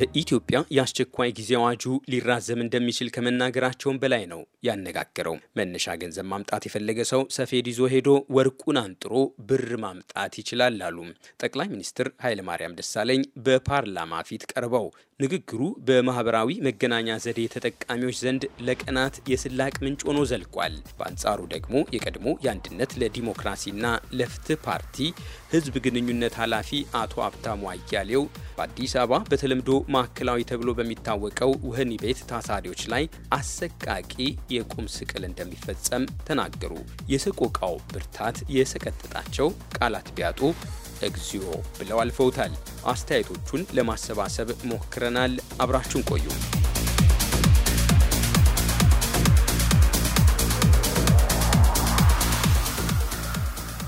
በኢትዮጵያ የአስቸኳይ ጊዜ አዋጁ ሊራዘም እንደሚችል ከመናገራቸውን በላይ ነው ያነጋገረው። መነሻ ገንዘብ ማምጣት የፈለገ ሰው ሰፌድ ይዞ ሄዶ ወርቁን አንጥሮ ብር ማምጣት ይችላል አሉ ጠቅላይ ሚኒስትር ኃይለማርያም ደሳለኝ በፓርላማ ፊት ቀርበው። ንግግሩ በማህበራዊ መገናኛ ዘዴ ተጠቃሚዎች ዘንድ ለቀናት የስላቅ ምንጭ ሆኖ ዘልቋል። በአንጻሩ ደግሞ የቀድሞ የአንድነት ለዲሞክራሲና ለፍትህ ፓርቲ ህዝብ ግንኙነት ኃላፊ አቶ ሀብታሙ አያሌው በአዲስ አበባ በተለምዶ ማዕከላዊ ተብሎ በሚታወቀው ውህኒ ቤት ታሳሪዎች ላይ አሰቃቂ የቁም ስቅል እንደሚፈጸም ተናገሩ። የሰቆቃው ብርታት የሰቀጥጣቸው ቃላት ቢያጡ እግዚኦ ብለው አልፈውታል። አስተያየቶቹን ለማሰባሰብ ሞክረናል። አብራችሁን ቆዩም።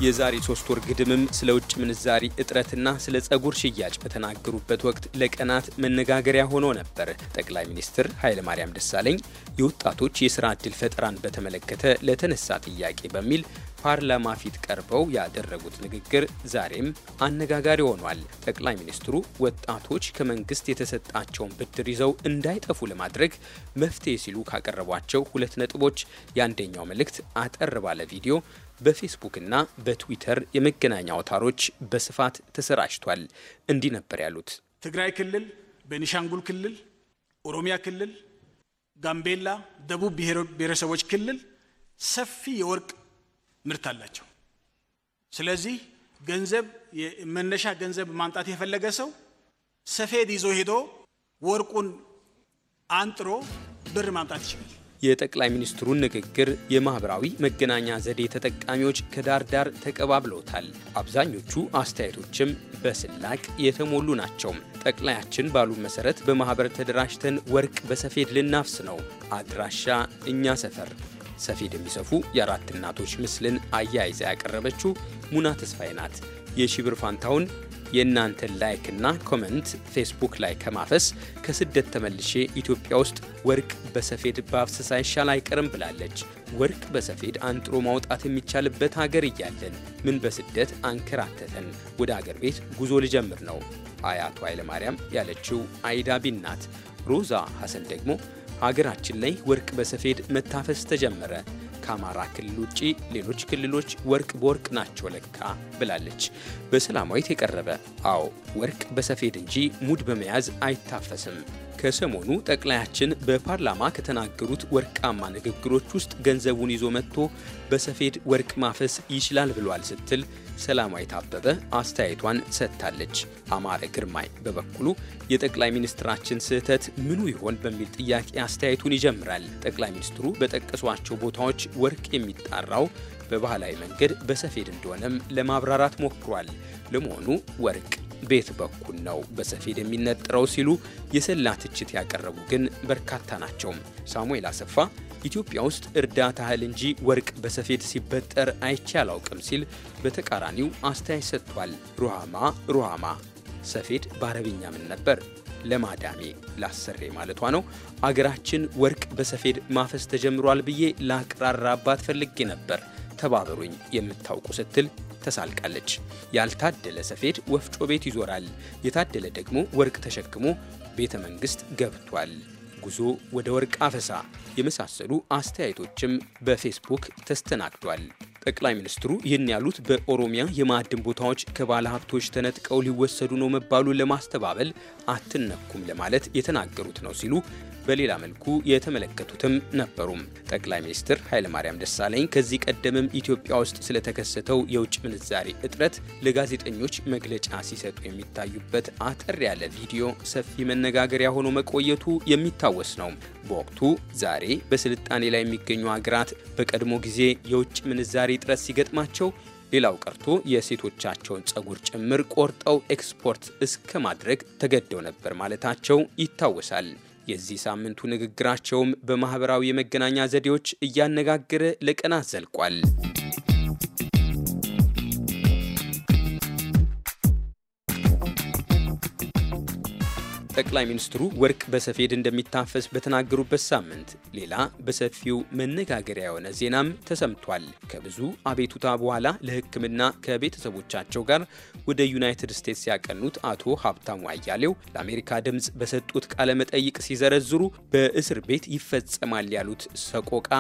የዛሬ ሶስት ወር ግድምም ስለ ውጭ ምንዛሪ እጥረትና ስለ ጸጉር ሽያጭ በተናገሩበት ወቅት ለቀናት መነጋገሪያ ሆኖ ነበር። ጠቅላይ ሚኒስትር ኃይለማርያም ደሳለኝ የወጣቶች የስራ ዕድል ፈጠራን በተመለከተ ለተነሳ ጥያቄ በሚል ፓርላማ ፊት ቀርበው ያደረጉት ንግግር ዛሬም አነጋጋሪ ሆኗል። ጠቅላይ ሚኒስትሩ ወጣቶች ከመንግስት የተሰጣቸውን ብድር ይዘው እንዳይጠፉ ለማድረግ መፍትሄ ሲሉ ካቀረቧቸው ሁለት ነጥቦች የአንደኛው መልእክት አጠር ባለ ቪዲዮ በፌስቡክና በትዊተር የመገናኛ አውታሮች በስፋት ተሰራጭቷል። እንዲህ ነበር ያሉት። ትግራይ ክልል፣ ቤኒሻንጉል ክልል፣ ኦሮሚያ ክልል፣ ጋምቤላ፣ ደቡብ ብሔረሰቦች ክልል ሰፊ የወርቅ ምርት አላቸው። ስለዚህ ገንዘብ መነሻ ገንዘብ ማምጣት የፈለገ ሰው ሰፌድ ይዞ ሄዶ ወርቁን አንጥሮ ብር ማምጣት ይችላል። የጠቅላይ ሚኒስትሩን ንግግር የማህበራዊ መገናኛ ዘዴ ተጠቃሚዎች ከዳር ዳር ተቀባብለውታል። አብዛኞቹ አስተያየቶችም በስላቅ የተሞሉ ናቸው። ጠቅላያችን ባሉ መሰረት በማህበር ተደራጅተን ወርቅ በሰፌድ ልናፍስ ነው። አድራሻ እኛ ሰፈር ሰፌድ የሚሰፉ የአራት እናቶች ምስልን አያይዛ ያቀረበችው ሙና ተስፋዬ ናት። የሺብር ፋንታውን የእናንተን ላይክ እና ኮመንት ፌስቡክ ላይ ከማፈስ ከስደት ተመልሼ ኢትዮጵያ ውስጥ ወርቅ በሰፌድ በአፍሰሳ ይሻል አይቀርም ብላለች። ወርቅ በሰፌድ አንጥሮ ማውጣት የሚቻልበት ሀገር እያለን ምን በስደት አንከራተተን ወደ አገር ቤት ጉዞ ልጀምር ነው አያቱ ኃይለማርያም ያለችው አይዳቢን ናት። ሮዛ ሐሰን ደግሞ ሀገራችን ላይ ወርቅ በሰፌድ መታፈስ ተጀመረ። ከአማራ ክልል ውጪ ሌሎች ክልሎች ወርቅ በወርቅ ናቸው ለካ ብላለች። በሰላማዊት የቀረበ አዎ፣ ወርቅ በሰፌድ እንጂ ሙድ በመያዝ አይታፈስም ከሰሞኑ ጠቅላያችን በፓርላማ ከተናገሩት ወርቃማ ንግግሮች ውስጥ ገንዘቡን ይዞ መጥቶ በሰፌድ ወርቅ ማፈስ ይችላል ብሏል ስትል ሰላማዊት አበበ አስተያየቷን ሰጥታለች። አማረ ግርማይ በበኩሉ የጠቅላይ ሚኒስትራችን ስህተት ምኑ ይሆን በሚል ጥያቄ አስተያየቱን ይጀምራል። ጠቅላይ ሚኒስትሩ በጠቀሷቸው ቦታዎች ወርቅ የሚጣራው በባህላዊ መንገድ በሰፌድ እንደሆነም ለማብራራት ሞክሯል። ለመሆኑ ወርቅ በየት በኩል ነው በሰፌድ የሚነጥረው ሲሉ የሰላ ትችት ያቀረቡ ግን በርካታ ናቸው። ሳሙኤል አሰፋ ኢትዮጵያ ውስጥ እርዳታ እህል እንጂ ወርቅ በሰፌድ ሲበጠር አይቼ አላውቅም ሲል በተቃራኒው አስተያየት ሰጥቷል። ሩሃማ ሩሃማ ሰፌድ በአረብኛ ምን ነበር? ለማዳሜ ላሰሬ ማለቷ ነው። አገራችን ወርቅ በሰፌድ ማፈስ ተጀምሯል ብዬ ላቅራራባት ፈልጌ ነበር። ተባበሩኝ የምታውቁ ስትል ተሳልቃለች። ያልታደለ ሰፌድ ወፍጮ ቤት ይዞራል፣ የታደለ ደግሞ ወርቅ ተሸክሞ ቤተ መንግስት ገብቷል። ጉዞ ወደ ወርቅ አፈሳ የመሳሰሉ አስተያየቶችም በፌስቡክ ተስተናግዷል። ጠቅላይ ሚኒስትሩ ይህን ያሉት በኦሮሚያ የማዕድን ቦታዎች ከባለ ሀብቶች ተነጥቀው ሊወሰዱ ነው መባሉን ለማስተባበል አትነኩም ለማለት የተናገሩት ነው ሲሉ በሌላ መልኩ የተመለከቱትም ነበሩም። ጠቅላይ ሚኒስትር ኃይለማርያም ደሳለኝ ከዚህ ቀደምም ኢትዮጵያ ውስጥ ስለተከሰተው የውጭ ምንዛሬ እጥረት ለጋዜጠኞች መግለጫ ሲሰጡ የሚታዩበት አጠር ያለ ቪዲዮ ሰፊ መነጋገሪያ ሆኖ መቆየቱ የሚታወስ ነው። በወቅቱ ዛሬ በስልጣኔ ላይ የሚገኙ ሀገራት በቀድሞ ጊዜ የውጭ ምንዛሬ እጥረት ሲገጥማቸው ሌላው ቀርቶ የሴቶቻቸውን ጸጉር ጭምር ቆርጠው ኤክስፖርት እስከ ማድረግ ተገደው ነበር ማለታቸው ይታወሳል። የዚህ ሳምንቱ ንግግራቸውም በማኅበራዊ የመገናኛ ዘዴዎች እያነጋገረ ለቀናት ዘልቋል። ጠቅላይ ሚኒስትሩ ወርቅ በሰፌድ እንደሚታፈስ በተናገሩበት ሳምንት ሌላ በሰፊው መነጋገሪያ የሆነ ዜናም ተሰምቷል። ከብዙ አቤቱታ በኋላ ለሕክምና ከቤተሰቦቻቸው ጋር ወደ ዩናይትድ ስቴትስ ያቀኑት አቶ ሀብታሙ አያሌው ለአሜሪካ ድምፅ በሰጡት ቃለ መጠይቅ ሲዘረዝሩ በእስር ቤት ይፈጸማል ያሉት ሰቆቃ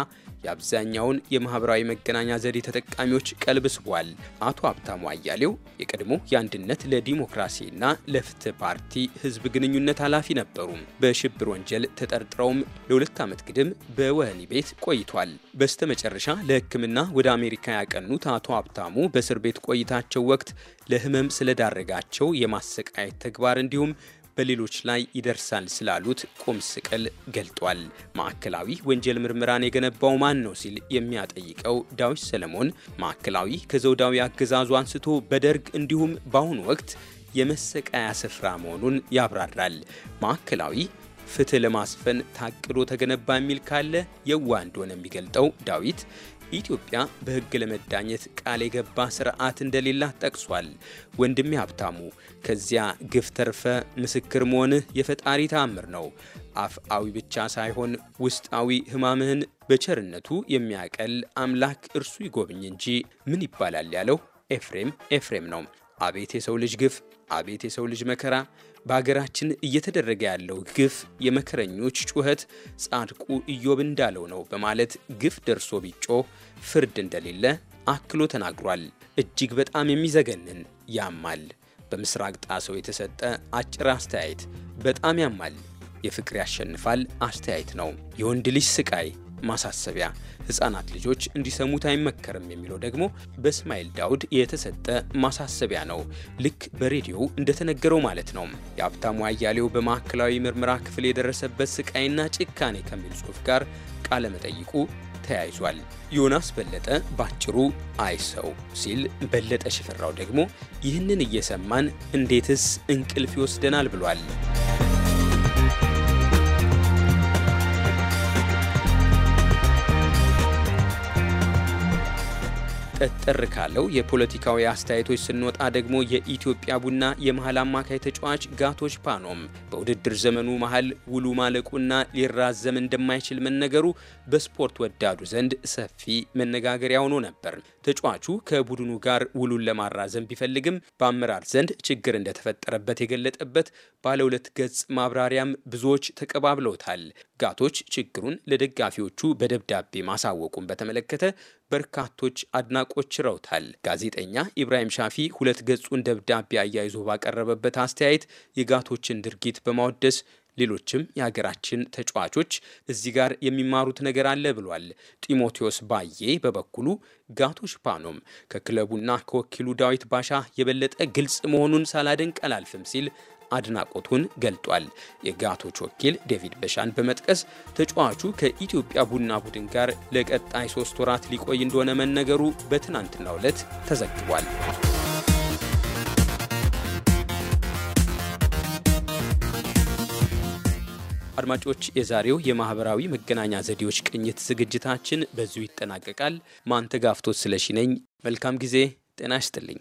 የአብዛኛውን የማህበራዊ መገናኛ ዘዴ ተጠቃሚዎች ቀልብ ስቧል። አቶ ሀብታሙ አያሌው የቀድሞ የአንድነት ለዲሞክራሲና ለፍትህ ፓርቲ ህዝብ ግንኙነት ግንኙነት ኃላፊ ነበሩ። በሽብር ወንጀል ተጠርጥረውም ለሁለት ዓመት ግድም በወህኒ ቤት ቆይቷል። በስተመጨረሻ ለሕክምና ወደ አሜሪካ ያቀኑት አቶ ሀብታሙ በእስር ቤት ቆይታቸው ወቅት ለህመም ስለዳረጋቸው የማሰቃየት ተግባር እንዲሁም በሌሎች ላይ ይደርሳል ስላሉት ቁም ስቅል ገልጧል። ማዕከላዊ ወንጀል ምርመራን የገነባው ማን ነው ሲል የሚያጠይቀው ዳዊት ሰለሞን ማዕከላዊ ከዘውዳዊ አገዛዙ አንስቶ በደርግ እንዲሁም በአሁኑ ወቅት የመሰቃያ ስፍራ መሆኑን ያብራራል። ማዕከላዊ ፍትህ ለማስፈን ታቅዶ ተገነባ የሚል ካለ የዋ እንደሆነ የሚገልጠው ዳዊት ኢትዮጵያ በህግ ለመዳኘት ቃል የገባ ስርዓት እንደሌላት ጠቅሷል። ወንድሜ ሀብታሙ ከዚያ ግፍ ተርፈ ምስክር መሆንህ የፈጣሪ ተአምር ነው። አፍአዊ ብቻ ሳይሆን ውስጣዊ ህማምህን በቸርነቱ የሚያቀል አምላክ እርሱ ይጎብኝ እንጂ ምን ይባላል ያለው ኤፍሬም ኤፍሬም ነው። አቤት የሰው ልጅ ግፍ አቤት የሰው ልጅ መከራ! በሀገራችን እየተደረገ ያለው ግፍ የመከረኞች ጩኸት ጻድቁ ኢዮብ እንዳለው ነው በማለት ግፍ ደርሶ ቢጮህ ፍርድ እንደሌለ አክሎ ተናግሯል። እጅግ በጣም የሚዘገንን ያማል። በምስራቅ ጣሰው የተሰጠ አጭር አስተያየት በጣም ያማል። የፍቅር ያሸንፋል አስተያየት ነው። የወንድ ልጅ ስቃይ ማሳሰቢያ ህጻናት ልጆች እንዲሰሙት አይመከርም የሚለው ደግሞ በእስማኤል ዳውድ የተሰጠ ማሳሰቢያ ነው። ልክ በሬዲዮ እንደተነገረው ማለት ነው። የሀብታሙ አያሌው በማዕከላዊ ምርመራ ክፍል የደረሰበት ስቃይና ጭካኔ ከሚል ጽሑፍ ጋር ቃለ መጠይቁ ተያይዟል። ዮናስ በለጠ ባጭሩ አይሰው ሲል፣ በለጠ ሽፈራው ደግሞ ይህንን እየሰማን እንዴትስ እንቅልፍ ይወስደናል ብሏል። ቀጠር ካለው የፖለቲካዊ አስተያየቶች ስንወጣ ደግሞ የኢትዮጵያ ቡና የመሀል አማካይ ተጫዋች ጋቶች ፓኖም በውድድር ዘመኑ መሀል ውሉ ማለቁና ሊራዘም እንደማይችል መነገሩ በስፖርት ወዳዱ ዘንድ ሰፊ መነጋገሪያ ሆኖ ነበር። ተጫዋቹ ከቡድኑ ጋር ውሉን ለማራዘም ቢፈልግም በአመራር ዘንድ ችግር እንደተፈጠረበት የገለጠበት ባለ ሁለት ገጽ ማብራሪያም ብዙዎች ተቀባብለውታል። ጋቶች ችግሩን ለደጋፊዎቹ በደብዳቤ ማሳወቁን በተመለከተ በርካቶች አድናቆች ችረውታል። ጋዜጠኛ ኢብራሂም ሻፊ ሁለት ገጹን ደብዳቤ አያይዞ ባቀረበበት አስተያየት የጋቶችን ድርጊት በማወደስ ሌሎችም የሀገራችን ተጫዋቾች እዚህ ጋር የሚማሩት ነገር አለ ብሏል። ጢሞቴዎስ ባዬ በበኩሉ ጋቶ ሽፓኖም ከክለቡና ከወኪሉ ዳዊት ባሻ የበለጠ ግልጽ መሆኑን ሳላደንቅ አላልፍም ሲል አድናቆቱን ገልጧል። የጋቶች ወኪል ዴቪድ በሻን በመጥቀስ ተጫዋቹ ከኢትዮጵያ ቡና ቡድን ጋር ለቀጣይ ሶስት ወራት ሊቆይ እንደሆነ መነገሩ በትናንትናው ዕለት ተዘግቧል። አድማጮች፣ የዛሬው የማህበራዊ መገናኛ ዘዴዎች ቅኝት ዝግጅታችን በዚሁ ይጠናቀቃል። ማንተጋፍቶት ስለሺ ነኝ። መልካም ጊዜ። ጤና ይስጥልኝ።